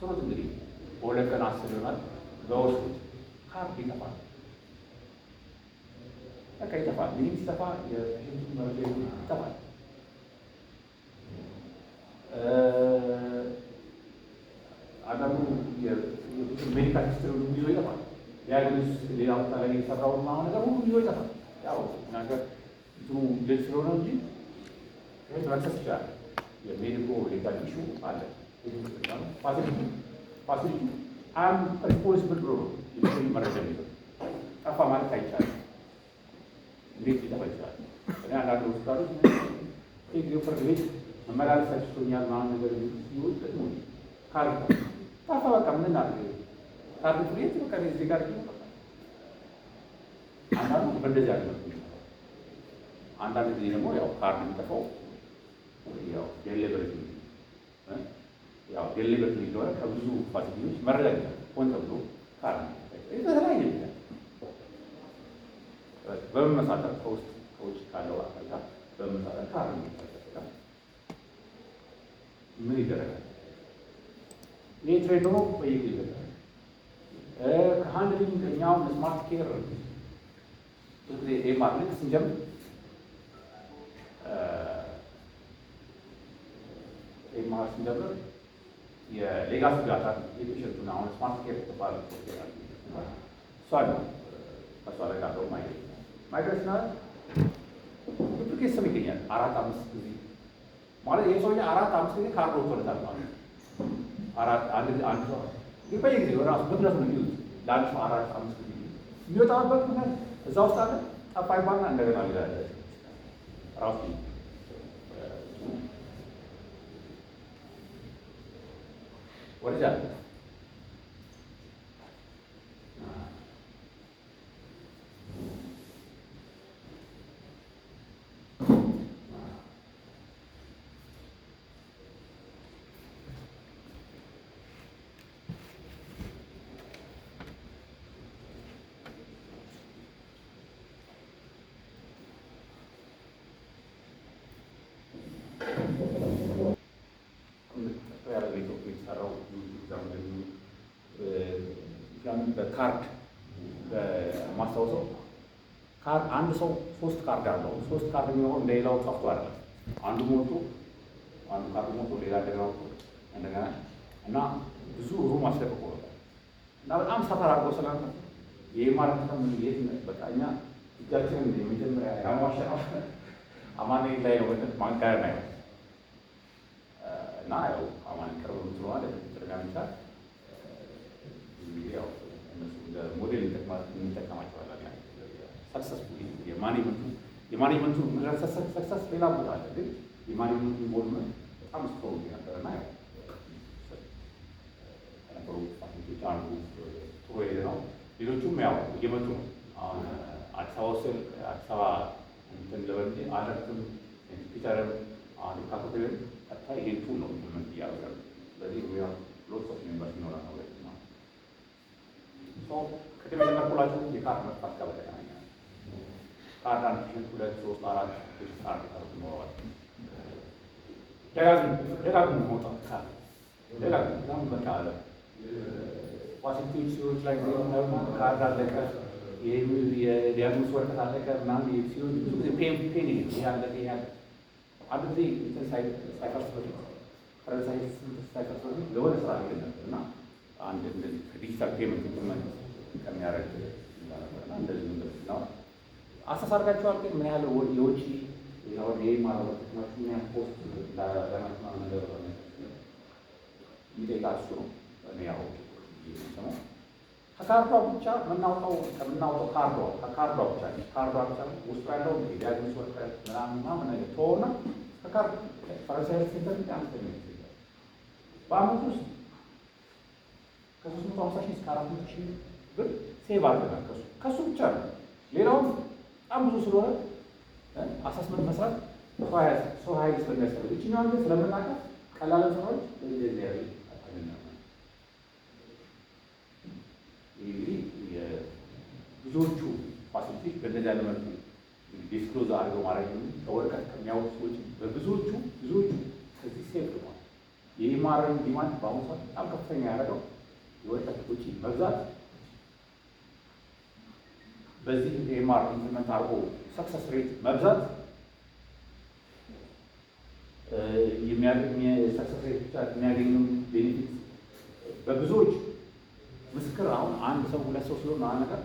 ስሩት እንግዲህ በሁለት ቀን አስር ይሆናል። ካርድ ይጠፋል። በቃ ይጠፋል። ይህ ሲጠፋ የሽቱ መረጃ ይጠፋል። አንዳንዱ ሜዲካል ሂስትሪ ይዞ ይጠፋል። ሌላ ቦታ ላይ ነገር ሁሉ ይዞ ይጠፋል። ያው ነገር እንትኑ ስለሆነ እንጂ መክሰስ ይችላል። የሜዲኮ ሌጋል ኢሹ አለ። ፋሲሊቲ አም ሪስፖንስብል ብሎ ነው መረጃ የሚለው ጠፋ ማለት አይቻልም። እንዴት ሊጠፋ ይችላል? እኔ አንዳንድ ሆስፒታሎች ፍርድ ቤት መመላለስ አችቶኛል ምናምን ነገር ሲሆን ደግሞ ካርድ ጠፋ በቃ ምን አለ ካርድ ቤት በቃ እዚህ አንዳንዱ በእንደዚህ አለ። አንዳንድ ጊዜ ደግሞ ያው ካርድ የሚጠፋው ያው የሌበሬጅ ያው ዴሊቨር ሊሆነ ከብዙ ፋሲሊቲዎች መረጃ ሆን ተብሎ ካራ በመመሳጠር ከውስጥ ከውጭ ካለው አካል ጋር በመመሳጠር ካራ ምን ይደረጋል? ይህ ይደረጋል። ከሃንድሊንግ ስማርት ኬር ብዙ ጊዜ ይህ ማድረግ ስንጀምር ይህ ማድረግ ስንጀምር लेगा से जाता ये भी शुरू तो ना होने स्मार्ट के तो पार करते हैं स्वागत अस्वागत का माइक माइक रचना कुछ किस समय के लिए आरा तामस कुजी माले ये सोचे आरा तामस के लिए खार रोक कर है आरा आंध्र आंध्र ये पहले क्यों हो रहा है बदला सुनने यूज लान सो आरा तामस कुजी म्यूट तो आप बस कुछ है जाओ स्टार्ट अब पाइप बांधना अंदर के मालिक आ जाए राउंड What is that? በካርድ ማስታወሰው አንድ ሰው ሶስት ካርድ አለው። ሶስት ካርድ የሚኖሩ እንደሌላው ጠፍቶ አይደለም። አንዱ ሞቶ አንዱ ካርድ ሞቶ ሌላ እንደገና እንደገና እና ብዙ ሩም አስለቅቆ እና በጣም ሰፈር አድርጎ ስለነበር ይህ ማለት ነው። ምን ቤት በቃ እኛ እጃችን የመጀመሪያ ያማሸ አማኔ ላይ ነው ማንጋር ነው እና ያው አማን ቅርብ ስለሆነ ተደጋሚ ይችላል ያው ሞዴል እንጠቀማቸዋለን። ሰክሰስፉል የማኔጅመንቱ የማኔጅመንቱ ሰክሰስ ሌላ ቦታ አለ፣ ግን የማኔጅመንቱ ኢንቮልቭመንት በጣም ስትሮንግ ነበረና ከነበሩ ፋሲሊቲዎች አንዱ ጥሩ ነው። ሌሎቹም ያው እየመጡ ነው። አሁን አዲስ አበባ ውስጥ አዲስ አበባ እንትን ልበል ፒተርም አሁን ቀጥታ ይሄን ቱል ነው ኢምፕሊመንት ስለዚህ ሎት ኦፍ ሜምበርስ ይኖራል ነው ቅድም የነገርኩላችሁ የካርድ መጥፋት ጋር በተገናኘ ካርድ አንድ ሺህ ሁለት ሶስት አራት ስድስት አንድ ካርድ ይኖረዋል። ደጋግሞ ደጋግሞ መውጣት ካለ ደጋግሞ ዛም በቃ አለ ፋሲሊቲዎች ላይ ካርድ አለቀ የዲያግኖስ ወረቀት አለቀ ምናምን ሲሆን ብዙ ጊዜ ፔን ፔን ይሄ አለ ይሄ አለ አንድ ጊዜ ሳይፈርስ በፊት ፈረንሳይ ሳይፈርስ በፊት ለሆነ ስራ ይገኛል እና አንድ ዲጂታል ፔመንት ኢንስትሩመንት ከሚያደርግ ነበርና እንደዚህ ነው። አስተሳርጋቸዋል ግን ምን ያህል የውጭ ፖስት ነው። ከካርዷ ብቻ ምናውቀው ከምናውቀው ካርዷ ከካርዷ ብቻ ካርዷ ብቻ ውስጡ ያለው ዲያግኖስ ወረቀት ምናምን ነገር ከሆነ ከካርድ ፈረንሳይ ሲበል አነስተኛ ይችላል በአመት ውስጥ ከሶስት መቶ ሀምሳ ሺህ እስከ አራት መቶ ሺህ ብር ሴቭ አድርገናል። ከሱ ከሱ ብቻ ነው። ሌላውም በጣም ብዙ ስለሆነ አሳስመንት መስራት ሰው ኃይል ስለሚያስፈልግ ይችኛዋን ግን ስለምናውቃት ቀላል ስራዎች ለዚያዊ ብዙዎቹ ፋሲሊቲዎች በእንደዚህ አይነት መልኩ ዲስክሎዝ አድርገው ማለት ከወረቀት ከሚያወጡ ሰዎች በብዙዎቹ ብዙዎቹ ከዚህ ሴፍ ልማል የኢማርን ዲማንድ በአሁኑ ሰዓት በጣም ከፍተኛ ያደረገው የወረቀት ውጪ መብዛት በዚህ ኤምአር ኢምፕሊመንት አድርጎ ሰክሰስ ሬት መብዛት ሰክሰስ ሬት ብቻ የሚያገኙ ቤኔፊት በብዙዎች ምስክር አሁን አንድ ሰው ሁለት ሰው ሲሆን ነገር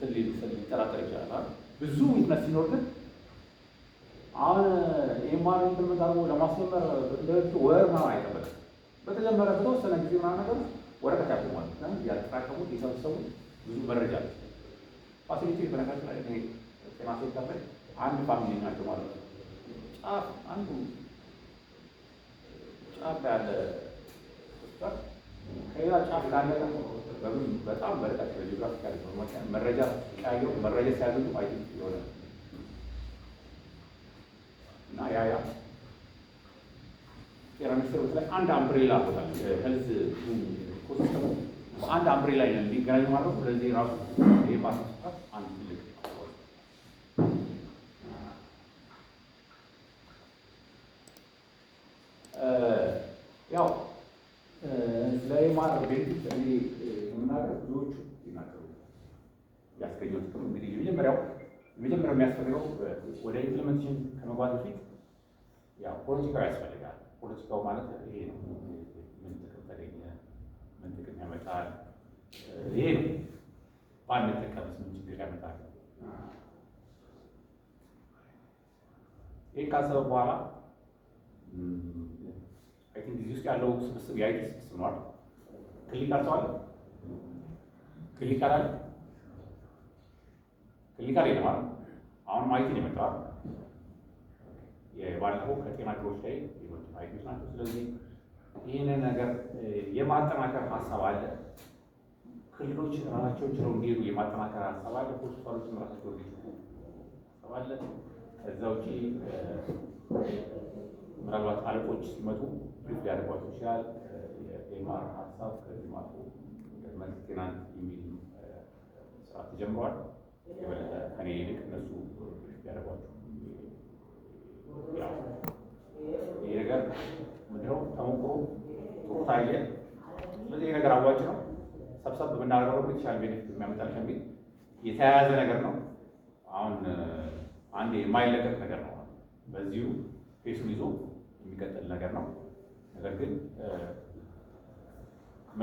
ትልል ሊጠራጠር ይችላል። ብዙ ዊትነስ ሲኖር ግን አሁን ኤምአር ኢምፕሊመንት አድርጎ ለማስጀመር እንደበፊቱ ወር ምናምን አይጠበቅም። በተጀመረ በተወሰነ ጊዜ ምናምን ነገር ወረቀት ያቆማል። ያጠራቀሙት የሰበሰቡት ብዙ መረጃ አለ። ፋሲሊቲ በነገራችን ላይ ጤና ሴክተር አንድ ፋሚሊ ናቸው ማለት ነው። ጫፍ አንዱ ጫፍ ያለ ሆስፒታል ከሌላ ጫፍ ያለ በምን በጣም በርቀት በጂኦግራፊክ ኢንፎርሜሽን መረጃ ሲቀያየሩ መረጃ ሲያገኙ አይ የሆነ እና ያ ያ ጤና ሚኒስቴር ላይ አንድ አምብሬላ ቦታ ሄልዝ ኢኮሲስተሙ በአንድ አምብሬላ ላይ ነው የሚገናኙ ማለት ነው። ስለዚህ ራሱ ይህ ማስፋት አንድ ትልቅ ያው ስለ ኤማር ቤንፊት እኔ የምናገር ብዙዎቹ ይናገሩ ያስገኘው ጥቅም እንግዲህ የመጀመሪያው የመጀመሪያው የሚያስፈልገው ወደ ኢምፕሊመንቴሽን ከመግባት በፊት ያው ፖለቲካው ያስፈልጋል። ፖለቲካው ማለት ይሄ ነው ምን ጥቅም ያመጣል? ይሄ ነው በአንድ ጠቀምስ ምን ችግር ያመጣል? ይህን ካሰበ በኋላ እዚህ ውስጥ ያለው ስብስብ የአይቲ ስብስብ ነው። ክሊክ አልተዋለ ክሊክ አላለ ክሊክ አለ ይለማል። አሁንም አይቲ ነው የመጣው የባለፈው ከጤና ድሮች ላይ የመጡት አይቲዎች ናቸው። ስለዚህ ይህንን ነገር የማጠናከር ሀሳብ አለ። ክልሎች ራሳቸው ችለው እንዲሄዱ የማጠናከር ሀሳብ አለ። ሆስፒታሎችም ራሳቸው እንዲችሉ ሀሳብ አለ። ከዛ ውጪ ምናልባት አለቆች ሲመጡ ሪፍ ሊያደርጓቸው ይችላል። የኤማር ሀሳብ ከዚህ ማቶ መንግስት ጤናን የሚል ስራ ተጀምረዋል። የበለጠ ከኔ ይልቅ እነሱ ሪፍ ሊያደርጓቸው ይህ ነገር ምንድነው ተሞክሮ ጥሩ ታየ። ስለዚህ ነገር አዋጭ ነው። ሰብሰብ ብናደርገው ነው የተሻለ ቤኔፊት የሚያመጣል ከሚል የተያያዘ ነገር ነው። አሁን አንድ የማይለቀቅ ነገር ነው። በዚሁ ፌሱን ይዞ የሚቀጥል ነገር ነው። ነገር ግን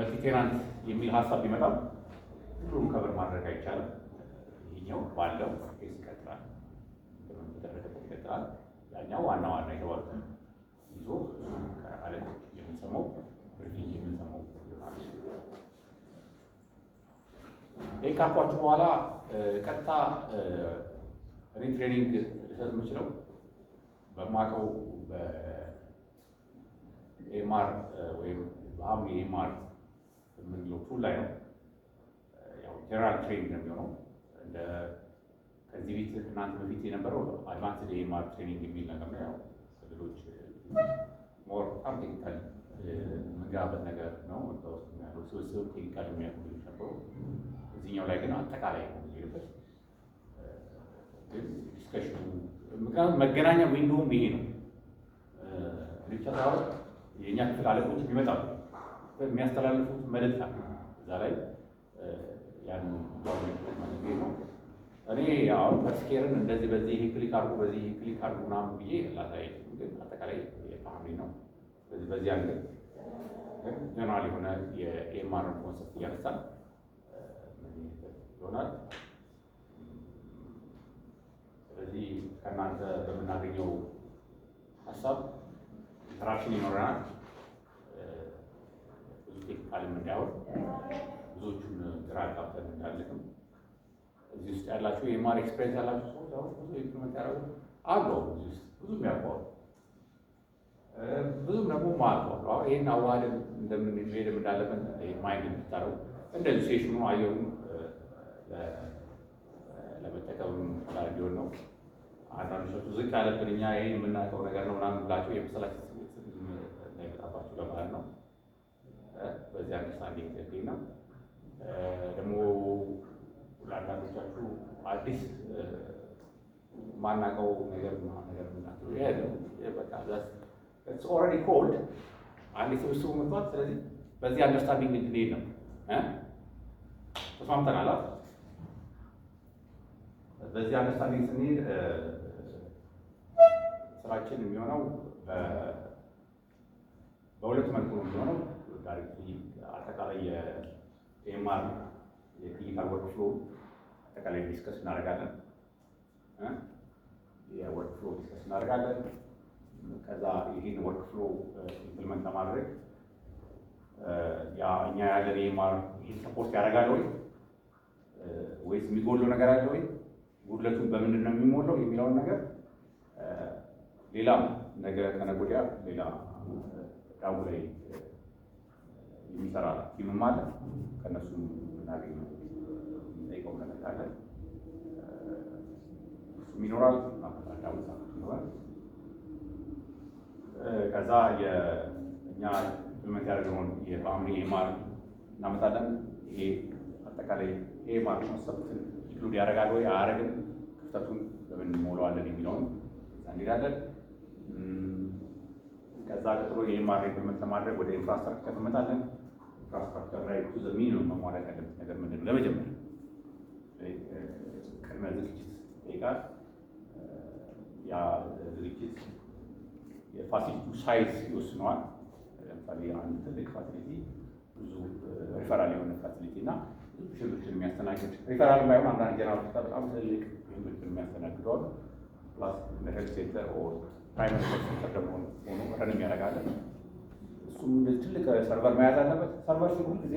መልቲቴናንት የሚል ሀሳብ ቢመጣም ሁሉም ከብር ማድረግ አይቻልም። ይህኛው ባለው ፌስ ይቀጥላል፣ ተደረገበት ይቀጥላል። ያኛው ዋና ዋና የተባሉትን ይዞ ከአለት የምንሰማው ብርቅዬ የምንሰማው ይህ ካልኳችሁ በኋላ ቀጥታ ሪትሬኒንግ ልሰጥ የምችለው በማቀው በኤማር ወይም በአብሪ የኤማር የምንለው ቱል ላይ ነው። ያው ጀነራል ትሬኒንግ ነው የሚሆነው። እንደ ከዚህ ቤት እናንተ በፊት የነበረው አድቫንስድ የኤማር ትሬኒንግ የሚል ነገር ነው። ያው ክልሎች ሞር በጣም ቴክኒካል ነገር ነው። ወደውስጥ ያለው ስብስብ ቴክኒካል የሚያውቁ ልጆች ነበሩ። እዚህኛው ላይ ግን አጠቃላይ ነው የሚሄድበት። ግን ዲስከሽኑ መገናኛ ዊንዶውም ይሄ ነው ብቻ ሳይሆን የእኛ ክፍል አለቆች ይመጣሉ የሚያስተላልፉት መልእክት እዛ ላይ ያን ነው እኔ ያው ፐርስኬርን እንደዚህ በዚህ ይሄ ክሊክ አድርጉ በዚህ ይሄ ክሊክ አድርጉ ምናምን ብዬ ላሳይ፣ ግን አጠቃላይ የፋሚ ነው። ስለዚህ በዚህ አንግል ጀነራል የሆነ የኤምአርን ኮንሰፕት እያነሳል ይሆናል። ስለዚህ ከእናንተ በምናገኘው ሀሳብ ኢንተራክሽን ይኖረናል። ብዙ ቴክኒካልም እንዳይሆን ብዙዎቹን ግራ ጋብተን እንዳለንም እዚህ ውስጥ ያላችሁ የማር ኤክስፔሪንስ ያላችሁ ሰዎች አሁን ብዙ ኢምፕሊመንት ያደረጉ አሉ። እዚህ ውስጥ ብዙ የሚያውቀዋሉ ብዙም ደግሞ ማያውቀዋሉ። አሁን ይህን አዋህደን እንደምንሄድ እንዳለብን ማይንድ የምታደረጉ እንደዚህ ሴሽኑ አየሩን ለመጠቀም ቻል እንዲሆን ነው። አንዳንድ ሰዎች ዝቅ ያለብን እኛ ይህ የምናውቀው ነገር ነው ምናምን ብላቸው የመሰላቸው ስሜት እንዳይመጣባቸው ለማለት ነው። በዚህ አንደርስታንዲንግ ነው ደግሞ ለአንዳንዶቻችሁ አዲስ ማናቀው ነገር ነገር ምናቸው ይሄ ኦልሬዲ ኮልድ አንዴ ስብስቡ መጥቷል። ስለዚህ በዚህ አንደርስታንዲንግ እንድንሄድ ነው ተስማምተናል። በዚህ አንደርስታንዲንግ ስንሄድ ስራችን የሚሆነው በሁለት መልኩ ነው የሚሆነው አጠቃላይ የኤምአር የክሊኒካል ወርክ ፍሎ አጠቃላይ ዲስከስ እናደርጋለን። የወርክ ፍሎ ዲስከስ እናደርጋለን። ከዛ ይህን ወርክ ፍሎ ኢምፕልመንት ለማድረግ ያ እኛ ያለን የኤምአር ይህን ሰፖርት ያደርጋል ወይ ወይስ የሚጎለው ነገር አለ ወይ ጉድለቱን በምንድን ነው የሚሞላው የሚለውን ነገር ሌላ ነገ ከነገ ወዲያ ሌላ ዳቡ ላይ የሚሰራ ቲምም አለ ከእነሱም እናገኘ የምንጠይቀው ነገር ካለ እሱም ይኖራል ዳውታ ይኖራል። ከዛ የእኛ ኢምፕሊመንት ያደረገውን የፋሚሊ ኤማር እናመጣለን። ይሄ አጠቃላይ ኤማር ኮንሰፕትን ኢንክሉድ ያደርጋል ወይ አያደርግም፣ ክፍተቱን በምን እንሞላዋለን የሚለውን እንሄዳለን። ከዛ ቀጥሎ የኤማር ኢምፕሊመንት ለማድረግ ወደ ኢንፍራስትራክቸር እንመጣለን። ኢንፍራስትራክቸር ላይ ብዙ ሚኒመም መሟላት ያለበት ነገር ምንድን ነው ለመጀመሪያ ቅድመ ዝግጅት ይጠይቃል። ያ ዝግጅት የፋሲሊቲው ሳይዝ ይወስነዋል። ለምሳሌ አንድ ትልቅ ፋሲሊቲ ብዙ ሪፈራል የሆነ ፋሲሊቲ እና ብዙ የሚያስተናግድ ሪፈራል ባይሆን አንዳንድ በጣም ፕላስ ሴንተር ኦር ፕራይመሪ ሴንተር ደግሞ ሆኖ እሱም ትልቅ ሰርቨር መያዝ አለበት። ሰርቨር ሲሉ ጊዜ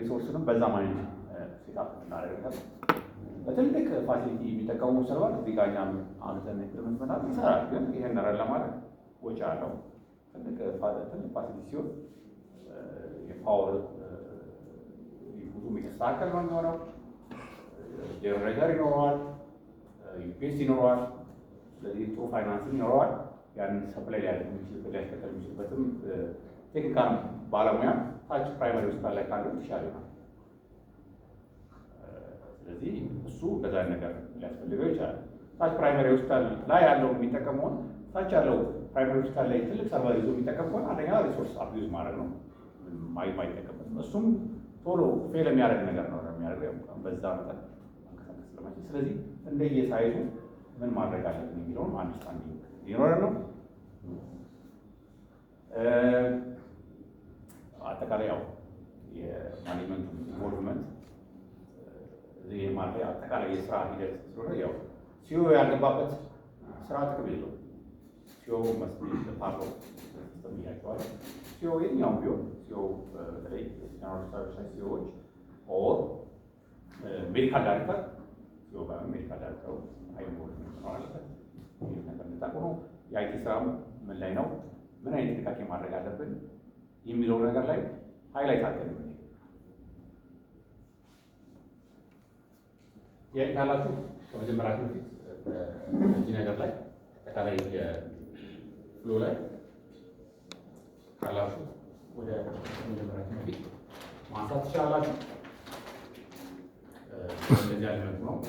ሪሶርስንም በዛ ማኔጅ ሴታፕ እናደርግ ነበር። በትልቅ ፋሲሊቲ የሚጠቀሙ ሰርቨር እዚህ ጋር እኛም ይሰራል። ግን ረን ለማድረግ ወጪ አለው። ትልቅ ፋሲሊቲ ሲሆን የፓወር ሁሉም የተስተካከል ነው የሚሆነው። ጀነሬተር ይኖረዋል፣ ዩፒኤስ ይኖረዋል፣ ስለዚህ ጥሩ ይኖረዋል። ያንን ሰፕላይ ሊያደርግ የሚችልበት የሚችልበትም ቴክኒካል ባለሙያ ታች ፕራይማሪ ሆስፒታል ላይ ካለው ይሻል ይሆናል። እሱ በዛ ነገር ሊያስፈልገው ይችላል። ታች ፕራይመሪ ሆስፒታል ላይ ያለው የሚጠቀም ሆን ታች ያለው ፕራይመሪ ሆስፒታል ላይ ትልቅ ሰርቫይ ይዞ የሚጠቀም ከሆነ አንደኛ ሪሶርስ አብዩዝ ማድረግ ነው፣ ማይጠቀምበትም እሱም ቶሎ ፌል የሚያደርግ ነገር ነው የሚያደርገው በዛ መጠን መንቀሳቀስ ስለማይችል ስለዚህ እንደየሳይዙ ምን ማድረግ አለብን የሚለውን አንደርስታንዲንግ ሊኖረን ነው። አጠቃላይ ያው የማኔጅመንት ኢንቮልቭመንት ማለት አጠቃላይ የስራ ሂደት ስለሆነ ያው ሲዮ ያልገባበት ስራ ጥቅም የለው። ሲዮ መስሎኝ ፓርቶ እያቸዋል ሲዮ የኛውም ቢሆን ሲዮ በተለይ ሰርቪስ ሲዮዎች ኦር ሜዲካል ዳይሬክተር ሲዮ ጋር ሜዲካል ዳይሬክተሩ አይኖር ነው አለበት ነገር ልታቁ ነው። የአይቲ ስራም ምን ላይ ነው ምን አይነት ጥንቃቄ ማድረግ አለብን የሚለው ነገር ላይ ሀይላይት አለን። ጥያቄ ካላችሁ ከመጀመራችን በፊት በዚህ ነገር ላይ አጠቃላይ የፍሎ ላይ ካላችሁ ወደ መጀመራችን በፊት ማንሳት ትችላላችሁ። እንደዚህ ያለ መልኩ ነው።